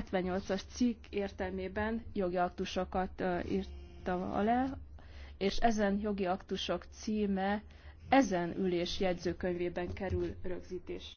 78-as cikk értelmében jogi aktusokat írta alá, és ezen jogi aktusok címe ezen ülés jegyzőkönyvében kerül rögzítés.